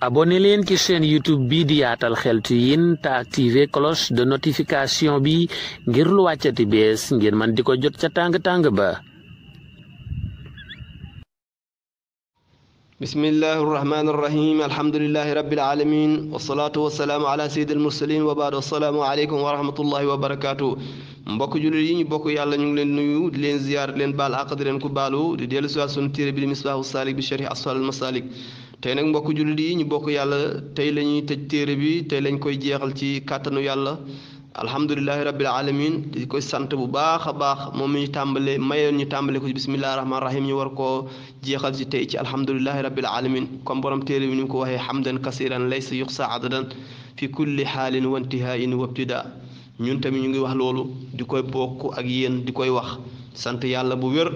abonné leen ci chaîne youtube bi di yaatal xeltu yin te activé cloche de notification bi ngir lu wàccati bees ngeen man di ko jot ca tàng-tàng ba bismillahi irrahmani irrahim alhamdulilahi rabbil alamin wasalaatu wasalaamu ala sayyid al mursalin wa baad assalaamu aleykum wa rahmatullahi wa barakatuh mbokk jullit yi ñu bokk yàlla ñu ngi leen nuyu di leen ziyaar di leen baal àq di leen ku baalu di dellu si waat bi di misbaahu saalik bi sharhi asfaal al masaalik tey nag mbokk jullit yi ñu bokk yàlla tey la ñuy tëj téere bi tey lañ koy jeexal ci kàttanu yàlla alhamdulilahi rabbil alamin di koy sant bu baax a baax moom mi ñu tàmbalee mayoon ñu tàmbale ko ci bisimillahi rahmaani rahim ñu war koo jeexal ci tey ci alhamdulilahi rabbil alamin comme borom téere bi ni ñu ko waxee xamdan kasiran laysa yuxsa adadan fi kulli xaalin wanti intihaain wa ibtidaa ñun tamit ñu ngi wax loolu di koy bokk ak yéen di koy wax sant yàlla bu wér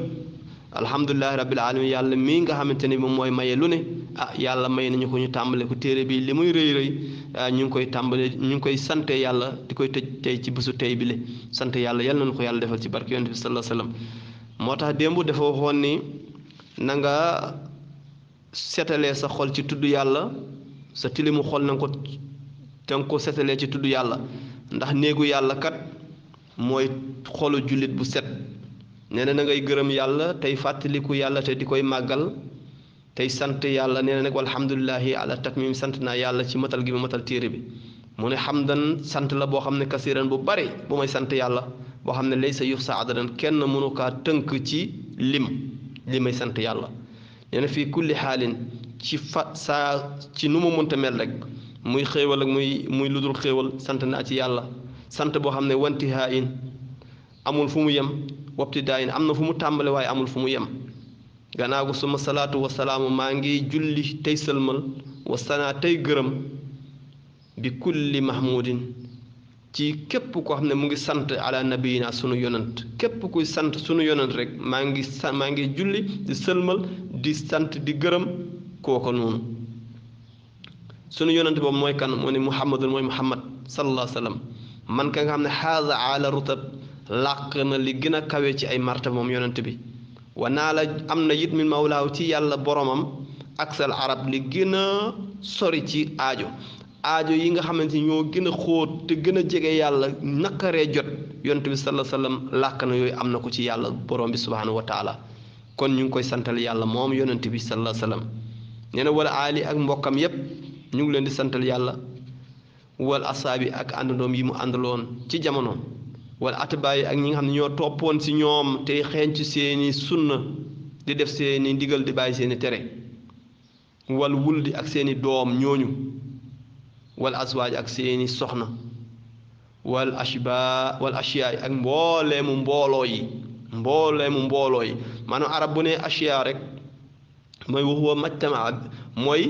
alhamdulilahi rabbil alamin yàlla mii nga xamante ne moom mooy maye lu ne ah yàlla may nañu ko ñu tàmbale ko téere bi li muy rëy rëy ah, ñu ngi koy tàmbale ñu ngi koy sante yàlla di koy tëj tey ci bésu tey bi le sant yàlla yàlla nañu ko yàlla defal ci barke yonent bi sallallahu alayhi moo tax démb dafa waxoon ni na nga setalee sa xol ci tudd yàlla sa tilimu xol na nga ko da nga ko setalee ci tudd yàlla ndax néegu yàlla kat mooy xolu jullit bu set nee na na ngay gërëm yàlla tey fàttaliku yàlla te di koy màggal tey sant yàlla nee na nag walhamdulilahi ala tatmim sant naa yàlla ci matal gi ma matal téere bi mu ne xam xamdan sant la boo xam ne kasiran bu bari bu may sant yàlla boo xam ne lay sa yux sa adadan kenn mënu kaa tënk ci lim li may sant yàlla nee na fii kulli xaalin ci fa saa ci nu mu mënta mel rek muy xéewal ak muy muy ludul xéewal sant naa ci yàlla sant boo xam ne wantihaa in amul fu mu yem wabtidaa in am na fu mu tàmbale waaye amul fu mu yem gannaaw gu suma salaatu wasalaamu maa ngi julli tey sëlmal wasanaa tey gërëm bi kulli mahmudin ci képp ko xam ne mu ngi sant ala nabiyina sunu yonant képp kuy sant sunu yonant rek maa ngi sa maa ngi julli di sëlmal di sant di gërëm kooko noonu sunu yonant boobu mooy kan moo ne muhammadun mooy muhammad sallallahu alayhi man ka nga xam ne xaasa ala rutab làq na li gën a kawe ci ay marta moom yonant bi wa naa la am na it min mawlaaw ci yàlla boromam aksal arab li gën a sori ci aajo aajo yi nga xamante ni ñoo gën a xóot te gën a jege yàlla nakaree jot yonent bi sallallahu alayhi wasallam làkk na yooyu am na ko ci yàlla borom bi subhaanahu wa taala kon ñu ngi koy santal yàlla moom yonent bi sallallahu alayhi wasallam nee na wala aali ak mbokkam yépp ñu ngi leen di santal yàlla wal asaabi ak àndandoom yi mu àndiloon ci jamonoom wala atbaay ak ñi nga xam ne ñoo toppoon ci ñoom tey xeeñ ci seeni sunna di def seeni ndigal di bàyyi seeni tere wal wuldi ak seeni doom ñooñu wal aswaaj ak seeni soxna wal ashba wal ashiyaay ak mbooleemu mbooloo yi mbooleemu mbooloo yi maanaam arab bu ne ashiyaa rek mooy waxuwa majtamaa mooy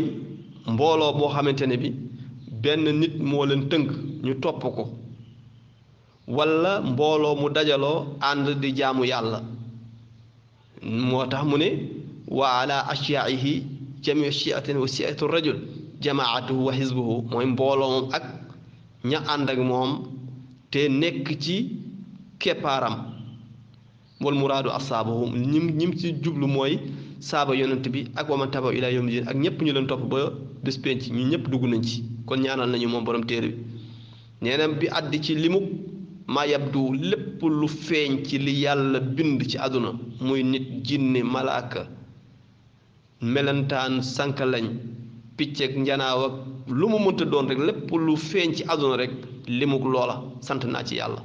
mbooloo boo xamante ne bi benn nit moo leen tënk ñu topp ko walla mbooloo mu dajaloo ànd di jaamu yàlla moo tax mu ne wa ala ashyaaihi jamiu shiatin wa shiatu rajul jamaatuhu wa xisbuhu mooy mbooloo moom ak ña ànd ak moom te nekk ci keppaaram wal muraadu asaabahu ñim ñim ci jublu mooy saaba yonent bi ak waman taba ilaa yawmi din ak ñépp ñu leen topp ba bés penc ñu ñépp dugg nañ ci kon ñaanal nañu moom borom téere bi nee bi àddi ci limuk ma du lépp lu feeñ ci li yàlla bind ci àdduna muy nit jinne malaaka melentaan sankalañ picc ak njanaaw lu mu mënta doon rek lépp lu feeñ ci àdduna rek limuk loola sant naa ci yàlla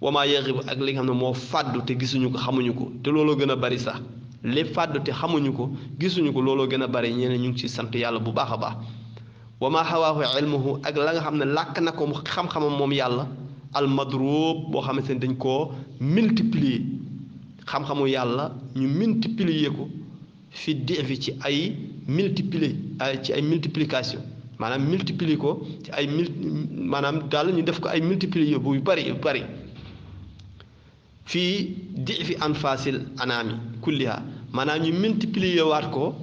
wamaa yaxib ak li nga xam ne moo fàddu te gisuñu ko xamuñu ko te looloo gën a bari sax li fàddu te xamuñu ko gisuñu ko looloo gën a bari ñeneen ñu ngi ci sant yàlla bu baax a baax wamaa xawaahu ilmuhu ak la nga xam ne làkk na ko xam-xamam moom yàlla almadroub boo xamante ne dañ ko multiplier xam-xamu yàlla ñu multiplier ko fi defi ci ay multiplier ci ay multiplication maanaam multiplier ko ci ay mil maanaam ñu def ko ay multiplier bu bari yu bari fii defi an fasil anaami kulliha maanaam ñu multiplier waat ko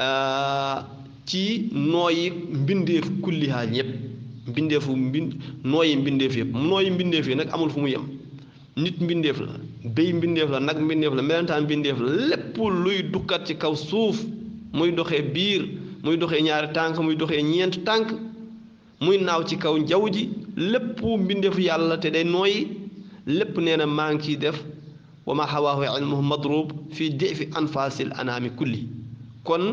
euh, ci nooyi mbindeef kulliha ñëpp mbindeefu mbin nooyi mbindeef yëpp nooyi mbindeef yi nag amul fu mu yem nit mbindeef la béy mbindeef la nag mbindeef la melentaan mbindeef la lépp luy dukkat ci kaw suuf muy doxe biir muy doxe ñaari tànk muy doxee ñeent tànk muy naaw ci kaw jaww ji lépp mbindeefu yàlla te day nooy lépp nee na maa ngi ciy def wa ma xawaahu ilmuhu madrub fii difi anfasil anaami kulli kon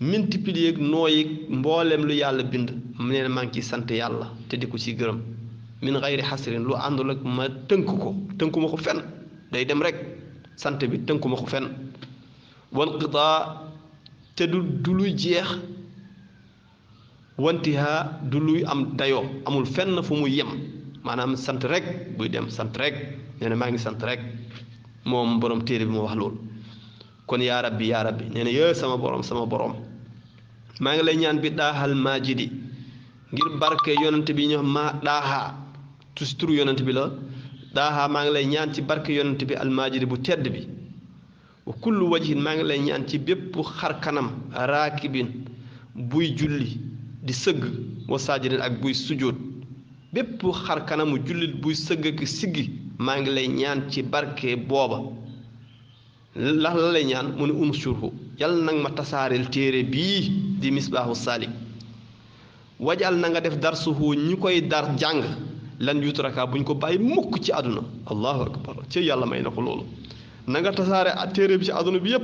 multiplier nooyi mbooleem lu yàlla bind mu maa ngi ciy sant yàlla te di ko ci gërëm min xayri lu àndul ma tënk ko tënkuma ko fenn day dem rek sant bi tënkuma ko fenn te du du jeex wantihaa du luy am dayoo amul fenn fu muy yem maanaam sant rek buy dem sant rek nee maa ngi sant rek moom borom téere bi mu wax loolu kon yaa rabbi yaa rabbi nee na yooyu sama borom sama borom maa ngi lay ñaan bi daaxal maajidi ngir barke yonent bi ñu ma daaxaa tusi yonent bi la daaxaa maa ngi lay ñaan ci barke yonent bi almaajidi bu tedd bi wa kullu wajhin maa ngi lay ñaan ci bépp xar kanam raakibin buy julli di sëgg wa ak buy sujjóot bépp xar kanamu jullit buy sëgg ak siggi maa ngi lay ñaan ci barke booba la la lay ñaan mu ne um surhu yal nag ma tasaareel téere bii di misbaaxu saalik wajal na nga def darsuhu ñi koy dar jàng lan bu buñ ko bàyyi mukk ci àdduna allahu akbar ci yàlla may na ko loolu nanga nga tasaare téere bi ci àdduna bi yépp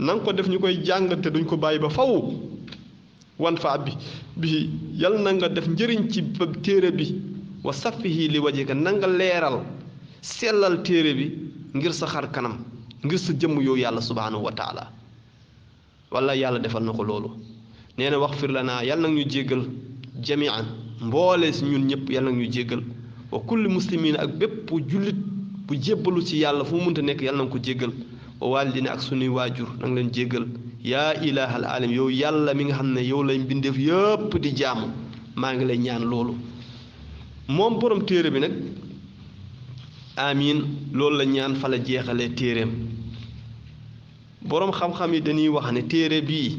nanga ko def ñu koy jàng te duñ ko bàyyi ba faw wan fa bi bi yal na nga def njëriñ ci téere bi wa saffihi li wajika na nga leeral sellal téere bi ngir sa xar kanam ngir sa jëmm yow yàlla subhaanahu wa taala wala yàlla defal na ko loolu nee na wax fir la naa yàlla nag ñu jéggal jamian mboole si ñun ñëpp yàlla nag ñu jéggal wa kulli muslimin ak bépp jullit bu jébbalu ci yàlla fu mu mënta nekk yàlla na ko jéggal wa waalidina ak sunuy waajur na nga leen jéggal yaa ilahal alam yow yàlla mi nga xam ne yow lañ bindeef yëpp di jaamu maa ngi lay ñaan loolu moom borom téere bi nag amiin loolu la ñaan fa la jeexalee téereem boroom xam-xam yi dañuy wax ne téere bii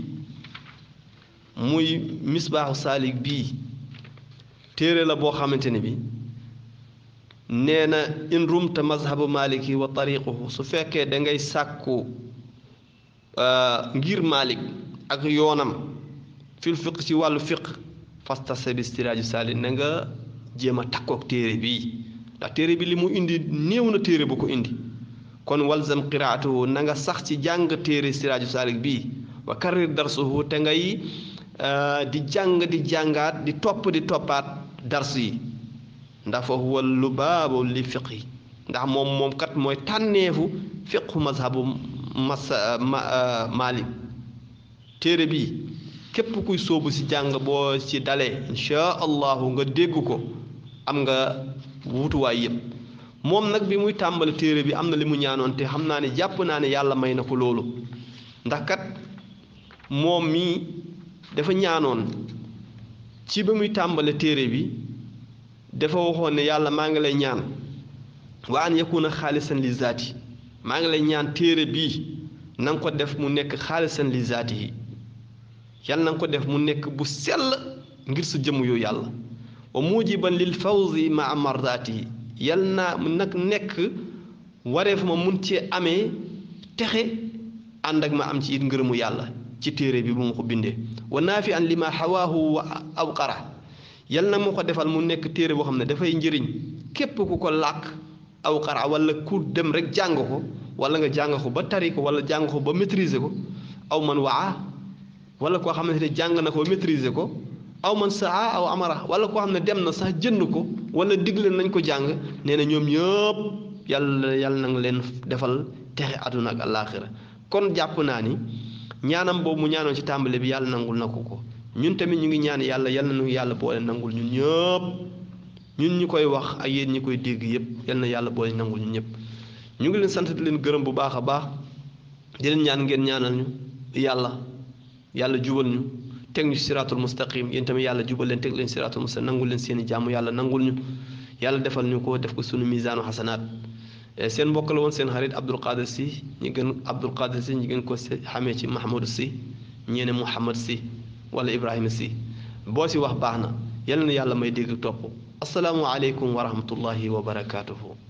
muy misbaaxu saalik bii téere la boo xamante ne bi nee na in rumta mazhabu maliki wa tariquhu su fekkee da ngay sàkku euh, ngir malik ak yoonam fil fiq ci wàllu fiq fastasabis tiraaju saali na nga jéem a takkook téere bii ndax téere bi li mu indi néew na téere bu ko indi kon walzam qiraatuhu na nga sax ci jàng téere siraaju saalik bii wa karrir darsuhu te ngay euh, di jàng di jàngaat di topp di toppaat dars yi ndax foofu huwa lu baabu li fiqi ndax moom moom kat mooy tànneefu fiqu mazhabu mas euh, maalik téere bi képp kuy soobu ci jàng boo ci dalee inchaa nga dégg ko am nga wutuwaay yépp moom nag bi muy tàmbali téere bi am na li mu ñaanoon te xam naa ne jàpp naa ne yàlla may na ko loolu ndax kat moom mii dafa ñaanoon ci ba muy tàmbale téere bi dafa waxoon ne yàlla maa ngi lay ñaan wa na yakuna xaalisan li zaati maa ngi lay ñaan téere bii na ko def mu nekk xaalisan li zaati yi yàlla na nga ko def mu nekk bu sell ngir sa jëmm yow yàlla wa mujiban lil fawzi maa mardaati yi yal naa nag nekk wareef ma mun cee amee texe ànd ak ma am ci it ngërëmu yàlla ci téere bi bu ma ko bindee wa fi an li ma xawaahu wa awqara yal na ma ko defal mu nekk téere boo xam ne dafay njëriñ képp ku ko aw awqara wala ku dem rek jàng ko wala nga jàng ko ba tari ko wala jàng ko ba maîtriser ko aw man waa wala koo xam ne jàng na ko ba ko aw man saa aw amara wala koo xam ne dem na sax jënd ko wala digle nañ ko jàng nee na ñoom ñëpp yàlla yàlla na leen defal texe àdduna ak àllaaxira kon jàpp naa ni ñaanam boobu mu ñaanoon ci tàmbali bi yàlla nangul na ko ko ñun tamit ñu ngi ñaan yàlla yal na ñu yàlla boole nangul ñun ñëpp ñun ñi koy wax ak yéen ñi koy dégg yëpp na yàlla boole nangul ñun ñëpp ñu ngi leen sant di leen gërëm bu baax a baax di leen ñaan ngeen ñaanal ñu yàlla yàlla jubal ñu. teg ñu siraatul mustaqim yéen tamit yàlla jubal leen teg leen siraatul mustaqim nangul leen seen i jàmm yàlla nangul ñu yàlla defal ñu ko def ko sunu misaanu xasanaat eh, seen mbokk woon seen xarit Abdul Qadir si ñi gën Abdul Qadir si ñi gën ko xamee ci Mahamadou si ñeene Mouhamad si wala Ibrahima si boo si wax baax na yal na yàlla may dégg topp asalaamualeykum wa rahmatullahi wa barakaatuhu.